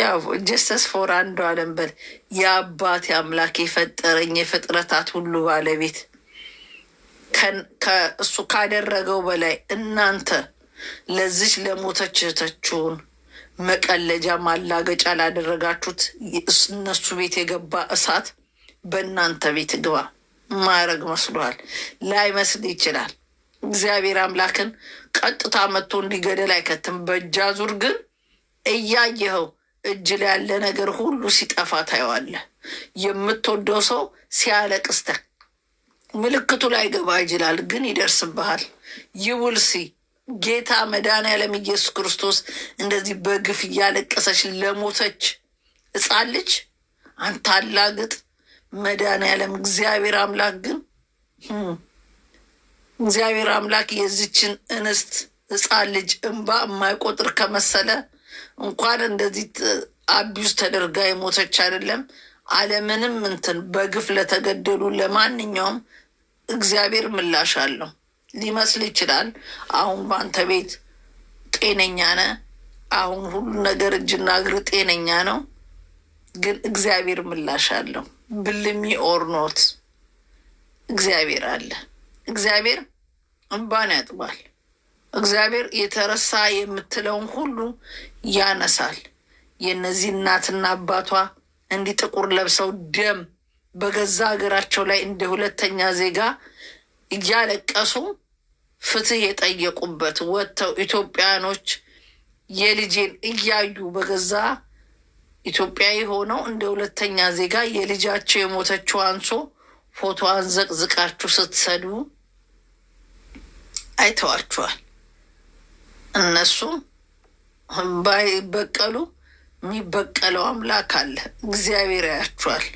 ያው ጀስተስ ፎር አንዱ አለንበል የአባቴ አምላክ የፈጠረኝ የፍጥረታት ሁሉ ባለቤት እሱ ካደረገው በላይ እናንተ ለዚች ለሞተች እህታችሁን መቀለጃ ማላገጫ ላደረጋችሁት እነሱ ቤት የገባ እሳት በእናንተ ቤት ግባ ማድረግ መስሎሃል? ላይመስል ይችላል። እግዚአብሔር አምላክን ቀጥታ መጥቶ እንዲገደል አይከትም። በእጃ ግን እያየኸው እጅ ላይ ያለ ነገር ሁሉ ሲጠፋ ታየዋለ። የምትወደው ሰው ሲያለቅስተ ምልክቱ ላይ ገባ ይችላል፣ ግን ይደርስብሃል። ይውልሲ ጌታ መድኃኒዓለም ኢየሱስ ክርስቶስ እንደዚህ በግፍ እያለቀሰች ለሞተች ሕፃን ልጅ አንተ አላግጥ መድኃኒዓለም እግዚአብሔር አምላክ ግን hm፣ እግዚአብሔር አምላክ የዚችን እንስት ሕፃን ልጅ እንባ የማይቆጥር ከመሰለ እንኳን እንደዚህ አቢዩዝ ተደርጋ የሞተች አይደለም አለምንም እንትን በግፍ ለተገደሉ ለማንኛውም እግዚአብሔር ምላሽ አለው። ሊመስል ይችላል አሁን በአንተ ቤት ጤነኛ ነህ፣ አሁን ሁሉ ነገር እጅና እግር ጤነኛ ነው። ግን እግዚአብሔር ምላሽ አለው። ብልሚ ኦርኖት እግዚአብሔር አለ። እግዚአብሔር እምባን ያጥባል። እግዚአብሔር የተረሳ የምትለውን ሁሉ ያነሳል። የእነዚህ እናትና አባቷ እንዲህ ጥቁር ለብሰው ደም በገዛ ሀገራቸው ላይ እንደ ሁለተኛ ዜጋ እያለቀሱ ፍትህ የጠየቁበት ወጥተው ኢትዮጵያኖች የልጄን እያዩ በገዛ ኢትዮጵያዊ ሆነው እንደ ሁለተኛ ዜጋ የልጃቸው የሞተችው አንሶ ፎቶዋን ዘቅዝቃችሁ ስትሰዱ አይተዋችኋል እነሱ ባይበቀሉ የሚበቀለው አምላክ አለ። እግዚአብሔር ያያችኋል።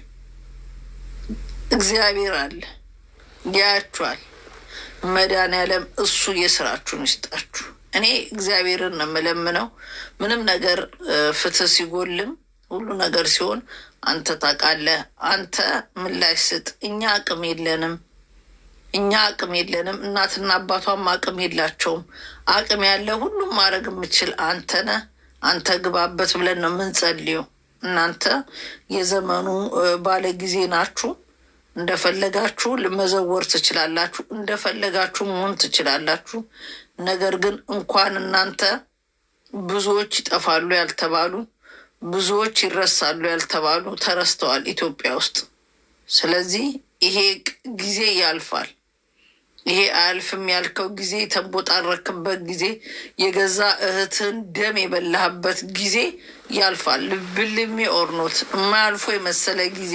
እግዚአብሔር አለ ያያችኋል። መድኃኒዓለም እሱ የስራችሁን ይስጣችሁ። እኔ እግዚአብሔርን የምለምነው ምንም ነገር ፍትህ ሲጎልም ሁሉ ነገር ሲሆን አንተ ታውቃለህ፣ አንተ ምላሽ ስጥ። እኛ አቅም የለንም። እኛ አቅም የለንም። እናትና አባቷም አቅም የላቸውም። አቅም ያለ ሁሉም ማድረግ የምችል አንተነ አንተ ግባበት ብለን ነው የምንጸልየው። እናንተ የዘመኑ ባለ ጊዜ ናችሁ። እንደፈለጋችሁ መዘወር ትችላላችሁ፣ እንደፈለጋችሁ መሆን ትችላላችሁ። ነገር ግን እንኳን እናንተ ብዙዎች ይጠፋሉ ያልተባሉ ብዙዎች ይረሳሉ ያልተባሉ ተረስተዋል ኢትዮጵያ ውስጥ። ስለዚህ ይሄ ጊዜ ያልፋል። ይሄ አያልፍም ያልከው ጊዜ የተቦጣረክበት ጊዜ የገዛ እህትን ደም የበላህበት ጊዜ ያልፋል። ብልሜ ኦርኖት የማያልፎ የመሰለ ጊዜ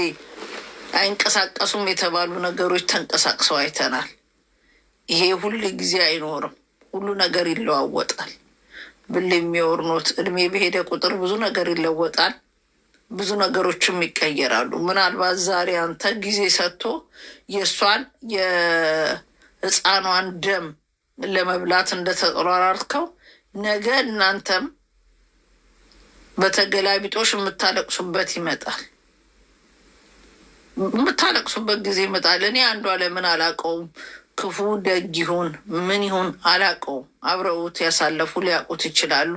አይንቀሳቀሱም የተባሉ ነገሮች ተንቀሳቅሰው አይተናል። ይሄ ሁል ጊዜ አይኖርም። ሁሉ ነገር ይለዋወጣል። ብልሜ ኦርኖት እድሜ በሄደ ቁጥር ብዙ ነገር ይለወጣል። ብዙ ነገሮችም ይቀየራሉ። ምናልባት ዛሬ አንተ ጊዜ ሰጥቶ የእሷን ህፃኗን ደም ለመብላት እንደተሯራርከው ነገ እናንተም በተገላቢጦሽ የምታለቅሱበት ይመጣል። የምታለቅሱበት ጊዜ ይመጣል። እኔ አንዷ ለምን አላውቀውም፣ ክፉ ደግ ይሁን ምን ይሁን አላውቀውም። አብረውት ያሳለፉ ሊያውቁት ይችላሉ።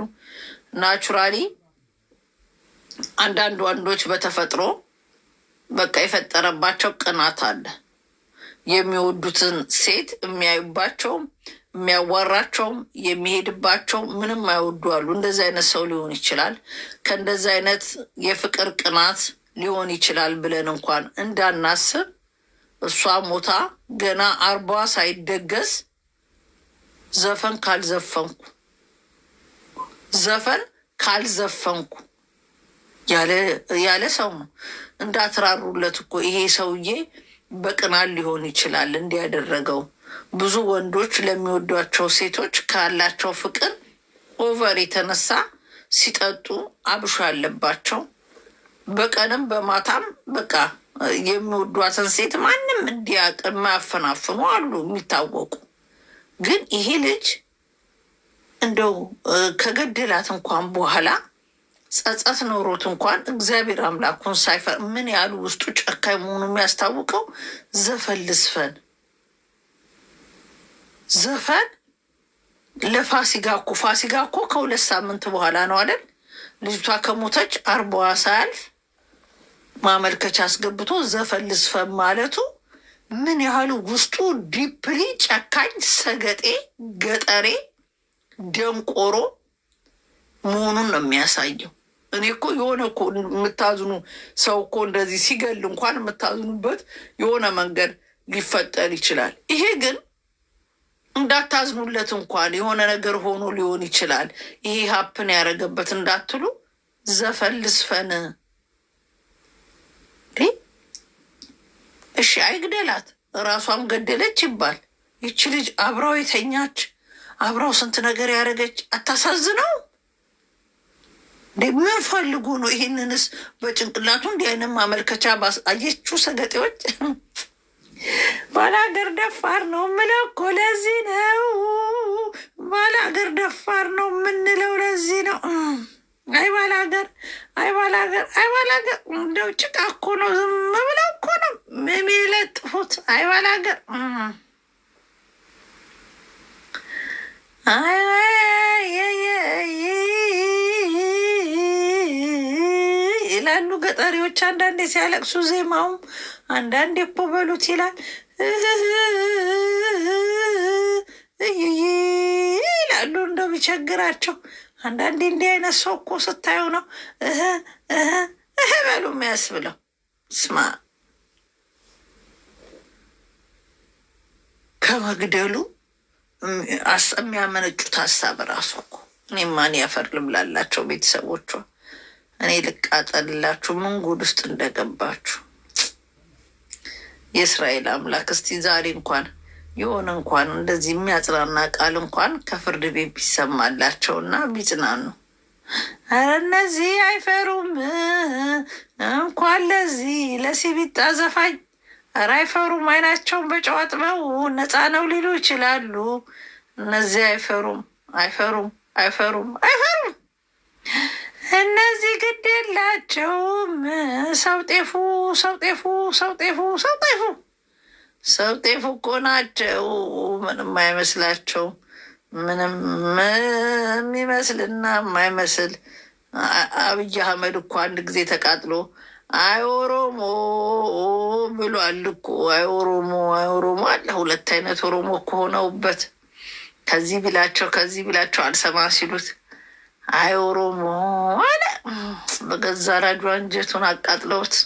ናቹራሊ አንዳንድ ወንዶች በተፈጥሮ በቃ የፈጠረባቸው ቅናት አለ። የሚወዱትን ሴት የሚያዩባቸውም የሚያዋራቸውም የሚሄድባቸው ምንም አይወዱ አሉ። እንደዚህ አይነት ሰው ሊሆን ይችላል። ከእንደዚህ አይነት የፍቅር ቅናት ሊሆን ይችላል ብለን እንኳን እንዳናስብ እሷ ሞታ ገና አርባ ሳይደገስ ዘፈን ካልዘፈንኩ ዘፈን ካልዘፈንኩ ያለ ሰው ነው። እንዳትራሩለት እኮ ይሄ ሰውዬ በቅናት ሊሆን ይችላል እንዲያደረገው። ብዙ ወንዶች ለሚወዷቸው ሴቶች ካላቸው ፍቅር ኦቨር የተነሳ ሲጠጡ አብሾ ያለባቸው በቀንም በማታም በቃ የሚወዷትን ሴት ማንም እንዲያቅ የማያፈናፍኑ አሉ የሚታወቁ። ግን ይሄ ልጅ እንደው ከገደላት እንኳን በኋላ ጸጸት ኖሮት እንኳን እግዚአብሔር አምላኩን ሳይፈር ምን ያህል ውስጡ ጨካኝ መሆኑ የሚያስታውቀው ዘፈን ልስፈን ዘፈን ለፋሲጋ እኮ ፋሲጋ እኮ ከሁለት ሳምንት በኋላ ነው አይደል? ልጅቷ ከሞተች አርባዋ ሳያልፍ ማመልከቻ አስገብቶ ዘፈን ልስፈን ማለቱ ምን ያህሉ ውስጡ ዲፕሊ ጨካኝ ሰገጤ፣ ገጠሬ፣ ደንቆሮ መሆኑን ነው የሚያሳየው። እኔ እኮ የሆነ እኮ የምታዝኑ ሰው እኮ እንደዚህ ሲገል እንኳን የምታዝኑበት የሆነ መንገድ ሊፈጠር ይችላል። ይሄ ግን እንዳታዝኑለት እንኳን የሆነ ነገር ሆኖ ሊሆን ይችላል። ይሄ ሀፕን ያደረገበት እንዳትሉ ዘፈን ልስፈን። እሺ አይግደላት፣ ራሷም ገደለች ይባል። ይቺ ልጅ አብራው የተኛች አብራው ስንት ነገር ያደረገች አታሳዝነው? ምን ፈልጎ ነው? ይህንንስ በጭንቅላቱ እንዲህ አይነት ማመልከቻ ባሳየችው ሰገጤዎች ባላገር ደፋር ነው ምለው እኮ ለዚህ ነው። ባላገር ደፋር ነው የምንለው ለዚህ ነው። አይ ባላገር፣ አይ ባላገር፣ አይ ባላገር እንደው ጭቃ እኮ ነው። ዝም ብለው እኮ ነው የሚለጥፉት። አይ ባላገር አይ ይላሉ ገጠሪዎች። አንዳንዴ ሲያለቅሱ ዜማውም አንዳንዴ እኮ በሉት ይላል ይላሉ እንደው ቢቸግራቸው። አንዳንዴ እንዲህ አይነት ሰው እኮ ስታዩ ነው እህ በሉ የሚያስብለው። ስማ ከመግደሉ የሚያመነጩት ሀሳብ ራሱ እኮ እኔ ማን ያፈር ልምላላቸው ቤተሰቦቿ እኔ ልቃጠልላችሁ ምን ጉድ ውስጥ እንደገባችሁ። የእስራኤል አምላክ እስቲ ዛሬ እንኳን የሆነ እንኳን እንደዚህ የሚያጽናና ቃል እንኳን ከፍርድ ቤት እና ቢጽናኑ። ኧረ እነዚህ አይፈሩም። እንኳን ለዚህ ለሲቢጣ ዘፋኝ ኧረ አይፈሩም። አይናቸውን በጨዋጥበው ነፃ ነው ሊሉ ይችላሉ። እነዚህ አይፈሩም፣ አይፈሩም፣ አይፈሩም፣ አይፈሩም እነዚህ ግድ የላቸውም። ሰው ጤፉ ሰው ጤፉ ሰው ጤፉ ሰው ጤፉ ሰው ጤፉ እኮ ናቸው። ምንም አይመስላቸውም። ምንም የሚመስልና የማይመስል አብይ አህመድ እኮ አንድ ጊዜ ተቃጥሎ አይኦሮሞ ኦሮሞ ብሏል እኮ። አይኦሮሞ አይኦሮሞ አለ። ሁለት አይነት ኦሮሞ እኮ ሆነውበት ከዚህ ብላቸው ከዚህ ብላቸው አልሰማ ሲሉት አይ ኦሮሞ አለ በገዛ ራጇ እንጀቱን አቃጥለውት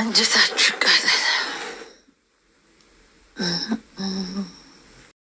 አንጀታችሁ ይቃጠል።